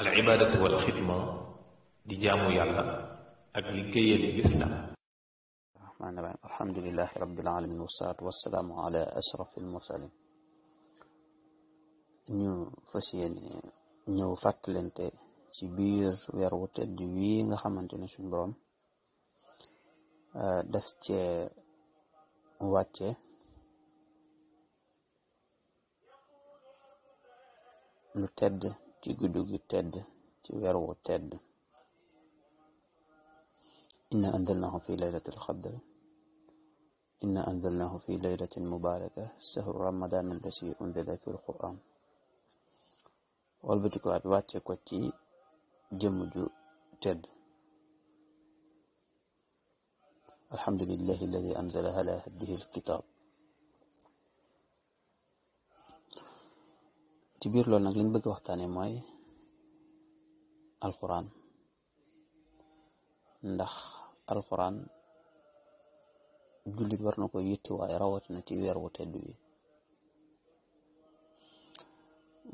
al ibaadatu wal xidma di jaamu yàlla ak liggéeyal lislaam rahmaan rahim alhamdulilahi rabbil alamin wasalaatu wasalaamu ala ashraf al mursalin ñu fas yéene ñëw fàttalente ci biir weer wu tedd wii nga xamante ne suñ boroom euh, daf cee wàcce lu tedd ci guddi gu tedd ci weer wu tedd inna anzalnahu fi laylatil qadr inna anzalnahu fi laylatin mubaraka sahru ramadan allasi unzila fi alquran walbati ko at wàcce ko ci jëmm ju tedd alhamdulillahi alladi anzala ala abdihi alkitab ci biir lool nag liñ bëgg waxtaane mooy alquran ndax alquran jullit war na ko yitti waaye rawatina ci weer wu tedd bi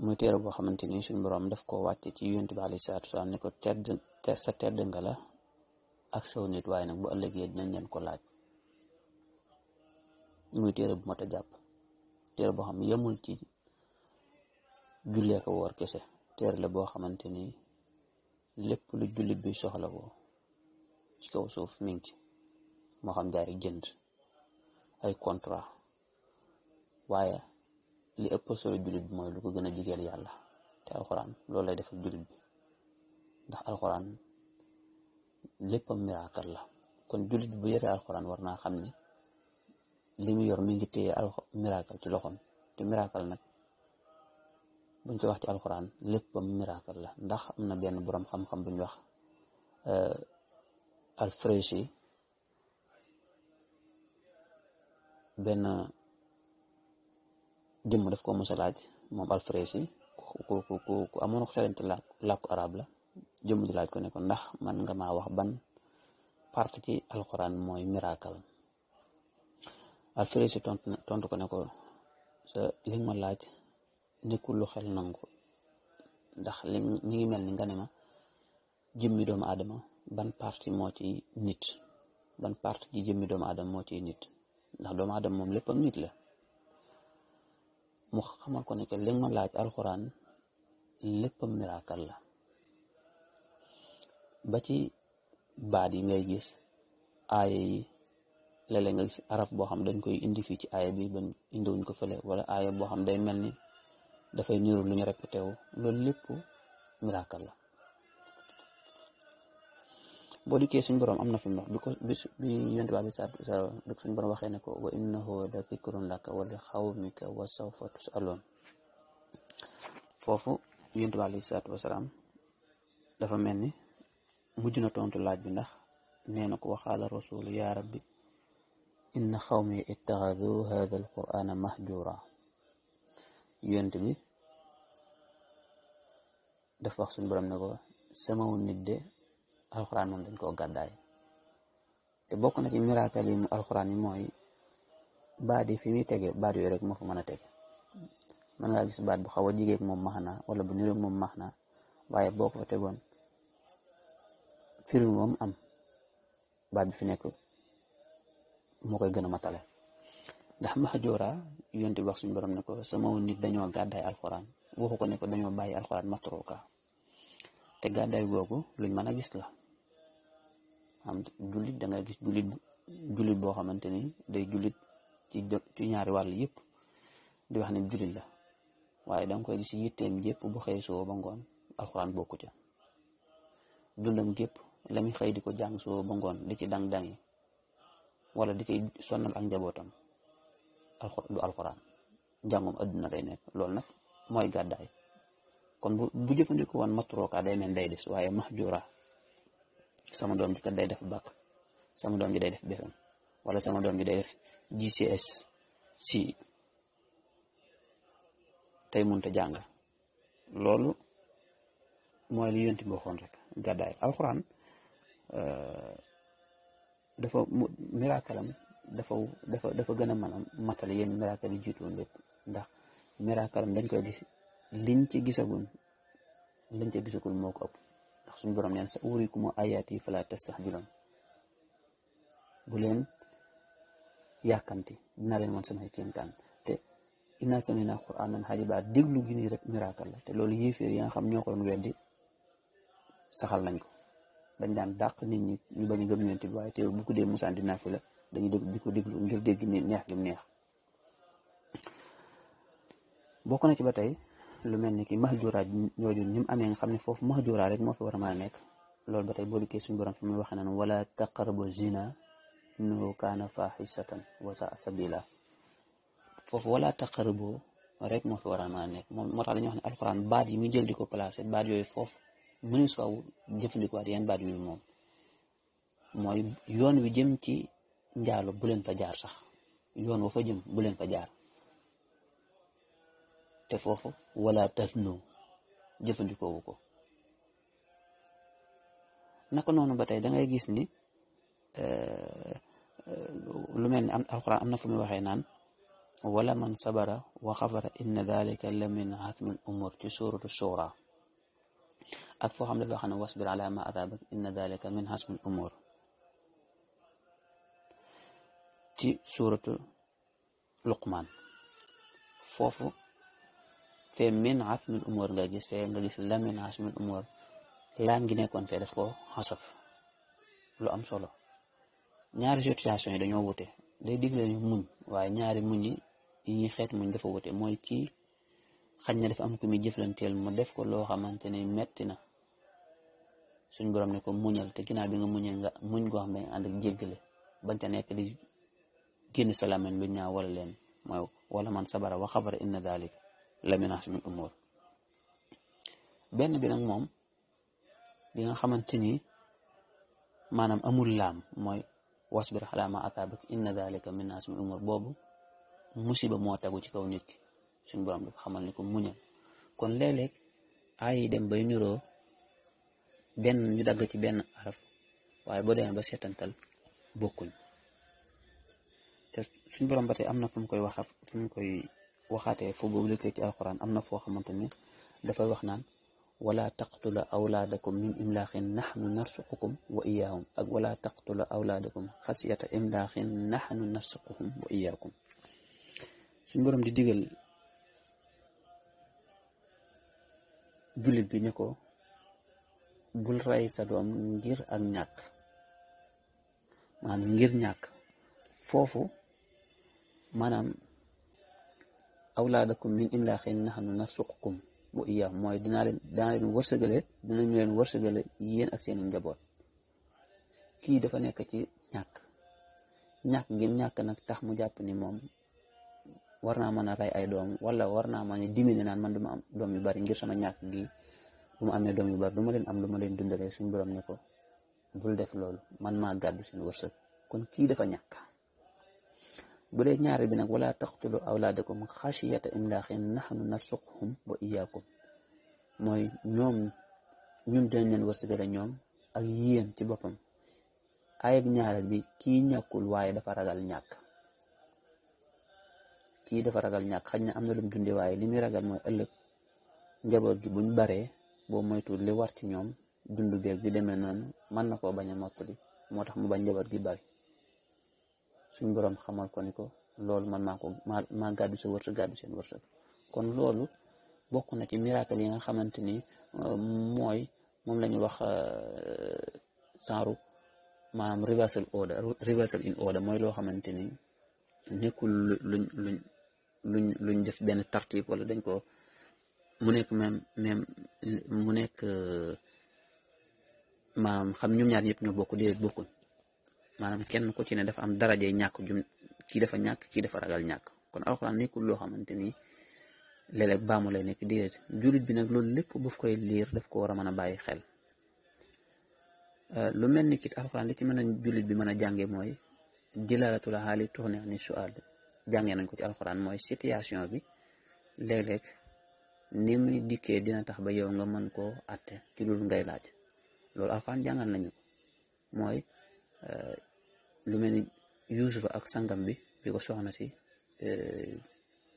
muy téere boo xamante ni suñ borom daf ko wàcce ci yonent bi aleyhi salaatu wasalaam ne ko tedd sa tedd nga ak saw nit waaye nag bu ëllëgee nañ leen ko laaj muy téere bu mat a jàpp téere boo xam yemul ci jullee ko woor kese teer la boo xamante ni lépp lu julit bi soxla woo ci kaw suuf mi ngi ci moo xam jaari jënd ay contrat waaye li ëpp solo jullit bi mooy lu ko gën a jigeel yàlla te alxuraan loolu lay defal julit bi ndax alxuraan lépp am miracle la kon jullit bu yore alxuraan war naa xam ni li mu yor mi ngi téye al miracle ci loxoom te miracle nag buñ koy wax ci alxuraan léppam miracle la ndax am na benn borom xam-xam bu wax euh, alfreshi benn jëmm def ko mos laaj moom alfreshi ku ku ku ku amoon xelante làkku arab la jëmm ji laaj ko ne ndax man nga maa wax ban parti ci alxuraan mooy miracle alfreshi tontu ko neko ko sa li ma laaj. nekkul lu xel nangu ndax li mi ngi mel ni nga ma jëmmi doomu aadama ban parti moo ci nit ban parti ji jëmmi doomu aadama moo ciy nit ndax doomu aadama moom lépp am nit la mu xamal ko ne que ma laaj alxuraan lépp miraakal la ba ci baat yi ngay gis aaya yi léeg-léeg nga gis araf boo xam dañ koy indi fii ci aaya bi ban indiwuñ ko fële wala aaya boo xam day mel ni dafay niru lu ñu répété wu loolu lépp la boo dikkee suñ borom am na fi mu bi ko bi yonent bi sa bi suñ borom waxee ne ko wa innahu la zikrun laka wa li xawmika wa sawfa tusaloon foofu yonent bi alayhi salaatu dafa mel ni mujj tontu laaj bi ndax nee na ko waxaala rasulu yaa rabbi inna xawmi ittaxadu hada alqurana mahjura yonent bi dafa wax suñu borom ne ko sama nit de alxuraan moom dañ koo gàddaay te bokk na ci miracle yi mu alxuraan yi mooy baat yi fi muy tege baat yooyu rek moo fa mën a tege mën ngaa gis baat bu xaw a jigéeg moom max wala bu niroog moom max na waaye boo ko fa tegoon firime moom am baat bi fi nekk moo koy gën a matale ndax Mahjoora yonti wax suñu borom ne ko sama nit dañoo gàddaay alxuraan waxu ko ne ko dañoo bàyyi alxuraan matruuka te gàddaay googu luñ mën a gis la am jullit da nga gis julit jullit boo xamante ni day julit ci ci ñaari wàll yëpp di wax ne jullit la waaye da koy gis yitteem yëpp bu xëy soo ba ngoon alxuraan bokku ca dundam gépp la muy xëy di ko jàng soo ba ngoon di ci dang-dangi wala di ci sonnal ak njabootam alxu du alxuraan njàngum adduna nekk loolu nag mooy gàddaay kon bu bu jëfandikoo woon matruka day mel day des waaye mahjura sama doom ji day def bac sama doom ji day def BFEM wala sama doom ji day def GCS si tey mënut jàng loolu mooy li yonti waxoon rek gàddaay alxuraan euh, dafa miraakalam dafa dafa dafa gën a mën a matal yéen miraakal yi jiitoon lépp ndax miraakalam dañ koy gis liñ ci gisagul liñ ci gisagul moo ko ëpp ndax suñu borom neen sa urikumu ayaati fala tastahbiloon bu leen yàkkamti dina leen woon samay kéemtaan te inna sami'na qur'aanan ajaban déglu gi nii rek miracle la te loolu yéeféer yi xam ñoo ko doon weddi saxal nañ ko dañ daan dàq nit ñi ñu bañ a gëm yonent bi waaye teewul bu dee musaan di naafi la dañu dégg di ko déglu ngir dégg ni neex gi mu neex bokk na ci ba tey lu mel ni ki mahjura jooju ni mu xam ne foofu mahjura rek moo fi war a lool a nekk loolu ba tey boo dikkee suñu borom fi muy waxee naan wala taqrabu zina innahu kaana fahisatan wa sabila foofu wala taqrabu rek moo fi war a mën nekk moo tax dañuy wax ne alxuraan baat yi muy jël di ko placé baat yooyu foofu mënees waaw jëfandikuwaat yenn baat yu moom mooy yoon wi jëm ci njaalo bu leen fa jaar sax yoon wa fa jëm bu fa jaar te foofu wala tasnu jëfandikoo wu ko naka noonu ba tey da ngay gis ni euh, lu mel ni am alquran am na fu mu waxee naan wala man sabara wa xafara inna dalika la min azmil umur ci suuratu shura ak foo xam ne dafa ne wasbir ala ma adabak inna dalika min azmil umur ci suuratu luqman foofu fee min asmil umur nga gis fee nga gis la min asmil umur laam gi nekkoon fee def ko xasaf lu am solo ñaari situation yi dañoo wute day digle ñu muñ waaye ñaari muñ yi ñuy xeet muñ dafa wute mooy kii xañ na dafa am ku muy jëflanteel mu def ko loo xamante ne metti na suñ borom ne ko muñal te ginnaaw bi nga muñee nga muñ goo ne dañ ànd ak jéggale bañ ca nekk di génn sa làmmiñ lu ñaaw wala leen mooy wala man sabara wa xabara na daalika la ménage min umur benn bi nag moom bi nga xamante ni maanaam amul lam mooy wasbir alaa maa ataabak inna daalika min azmil umuur boobu musiba moo tegu ci kaw nit ki suñ borom dafa xamal ni ko muñal kon léeg-léeg ay dem bay niroo benn ñu dagg ci benn araf waaye boo demee ba seetantal bokkuñ te suñ borom ba tey am na fu mu koy waxa fu mu koy waxate fo boobu la alxuraan am na foo xamante ne dafay wax naan wala taqtula awlaadakum min imlaaqin naxnu narsuqukum wa iyaahum ak wala taqtula di digal jullit bi ne ko bul rey doom ngir ak ñàkk maanaam ngir ñàkk foofu maanaam aw awlaadakum min imlaaqin nahnu narsuqukum wa iyyaahum mooy dinaa leen dinaa leen wërsëgale dinañu leen wërsëgale yéen ak seen njaboot kii dafa nekk ci ñàkk ñàkk gi ñàkk nag tax mu jàpp ni moom war naa mën a ay doom wala war naa mën a diminuer naan man duma am doom yu bari ngir sama ñàkk gi bu ma amee doom yu bari du ma leen am lu ma leen dundalee suñu borom ne ko bul def loolu man maa gàddu seen wërsëg kon kii dafa ñàkk bu dee bi nag wala taqtulu awlaadakum xashiyata imlaaqin nahnu narsuquhum wa iyaakum mooy ñoom ñun dañ leen wërsëgale ñoom ak yéen ci boppam ayib ñaareel bi kii ñàkkul waaye dafa ragal ñàkk kii dafa ragal ñàkk xañ na am na lu mu dundee waaye li muy ragal mooy ëllëg njaboot gi buñ baree boo moytuwul li war ci ñoom dund beeg bi demee noonu mën na koo bañ a moo tax mu bañ njaboot gi bari suñ borom xamal ko ni ko loolu man maa ko maa maa gàddu sa wërsëg seen wërsëg kon loolu bokk na ci miracle yi nga xamante ni euh, mooy moom la ñu wax saaru euh, maanaam reversal order reversal in order mooy loo xamante ni nekkul luñ luñ luñ luñ def benn tartib wala dañ ko mu nekk même même mu nekk euh, maanaam xam ñoom ñaar ñëpp ñoo bokk déedéet bokkuñ maanaam kenn ku ci ne dafa am daraje ñàkk jum kii dafa ñàkk kii dafa ragal ñàkk kon alxuraan nekkul loo xamante ni léeg-léeg baamu lay nekk déedéet jullit bi nag loolu lépp bu koy liir daf ko war a mën a bàyyi xel euh, lu mel ni kit alxuraan li ci mën a jullit bi mën a jànge mooy jëlaalatul xaali tourné ni sual jàngee nañ ko ci alxuraan mooy situation bi léeg-léeg ni muy dina tax ba yow nga mën koo atte ci loolu ngay laaj loolu alxuraan jàngal nañu mooy lu mel ni Yuusufa ak sangam bi bi ko soxna si euh,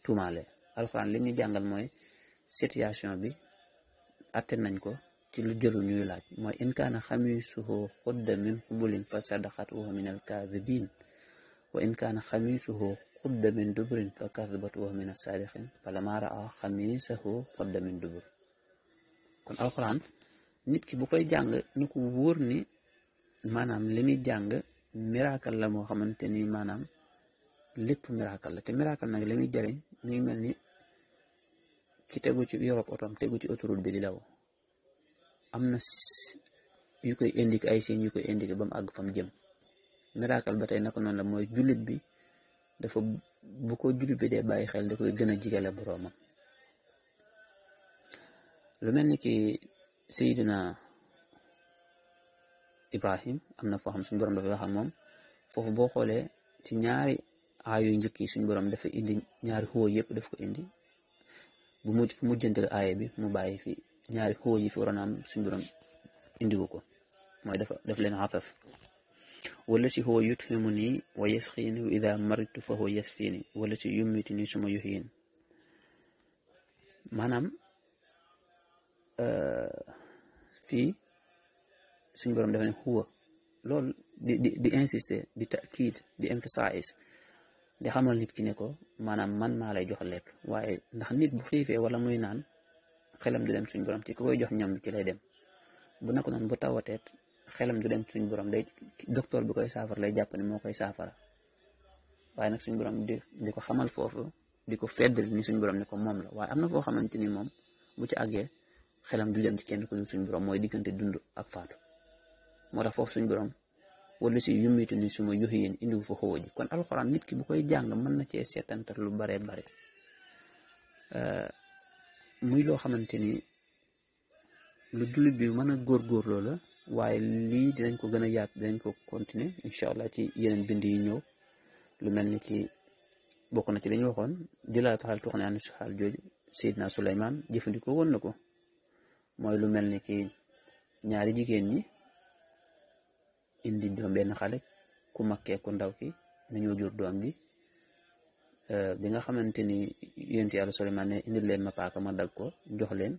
tuumaale alxuraan lim ñu jàngal mooy situation bi atte nañ ko ci lu jëlu ñuy laaj mooy in kaana xamiisuhu xudda min xubulin fa sadaqat wa min alkaadibin wa in kaana xamiisuhu xudda min dubrin fa kadabat wa min dubur kon alxuraan nit ki bu koy jàng ni ko wóor maanaam li muy jàng miracle la moo xamante ni maanaam lépp miracle la te miracle nag li muy jëriñ mi mel ni ci tegu ci Europe otom tegu ci autoroute bi di daw am na yu koy indik ay seen yu koy indiqué ba àgg fa mu jëm miracle ba tey naka noonu la mooy jullit bi dafa bu ko jullit bi dee bàyyi xel da koy gën a jigale boroomam lu mel ni ki Seydina Ibrahim am na foo xam suñu borom dafa wax ak moom foofu boo xoolee ci ñaari aayu njëkk yi suñu borom dafa indi ñaari xoo yëpp def ko indi bu mujj fu mujjantal aaya bi mu bàyyi fi ñaari xoo yi fi waroon am suñu borom indiwu ko mooy def daf leen xafaf wala si huwa yuthimu nii wa yasqini wa ida maritu fa huwa yasfini si yummiti suma yuhyin maanaam euh, fii suñu borom dafa ne huwa loolu di di di insister di takiid di emphasize di xamal nit ki ne ko maanaam man maa lay jox lekk waaye ndax nit bu xiifee wala muy naan xelam du dem suñ borom ci ku koy jox ñam ci lay dem bu nako noonu bu teet xelam du dem suñu borom day docteur bu koy saafara lay jàpp ne moo koy saafara waaye nag suñu borom di di ko xamal foofu di ko feddali ni suñu borom ne ko moom la waaye am na foo xamante ni moom bu ci àggee xelam du dem ci kenn ku dul suñu borom mooy diggante dund ak faatu. moo tax foofu suñ borom wala si yumitu ni suma yoxi yéen indiwu fa xoo ji kon alxuraan nit ki bu koy jàng mën na cee seetantal lu baree bare euh, muy loo xamante ni lu bi mën a góorgóorloo la waaye lii dinañ ko gën a yaat dinañ ko continuer incha allah ci yeneen bind yi ñëw lu mel ni ki bokk na ci li ñu waxoon jëlaat xaal tuux ne an suxaal jooju Seydina Souleymane jëfandikoo woon na ko mooy lu mel ni ci ñaari jigéen ñi. indi doom benn xale ku makkee ku ndaw ki nañoo jur doom bi euh, bi nga xamante ni yonent yàlla Suleymaan ne indil leen ma paaka ma dag ko jox leen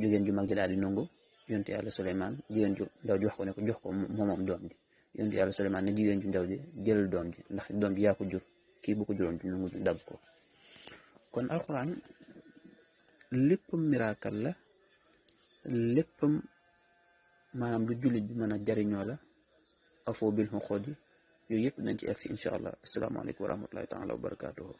jigéen ju mag ji daal di nangu yonent yàlla Suleymaan jigéen ju ndaw ji wax ko ko jox ko moomoom doom ji yonent yàlla Suleymaan ne ndaw ji jël doom ji ndax doom ji yaa ko jur kii bu dag ko kon alxuraan léppam miracle la léppam maanaam lu jullit bi mën a jariñoo la afoo bil xuqoodi yooyu yëpp nañ ci egg si incha allah asalaamaaleykum wa rahmatullahi taala wa barakaatuhu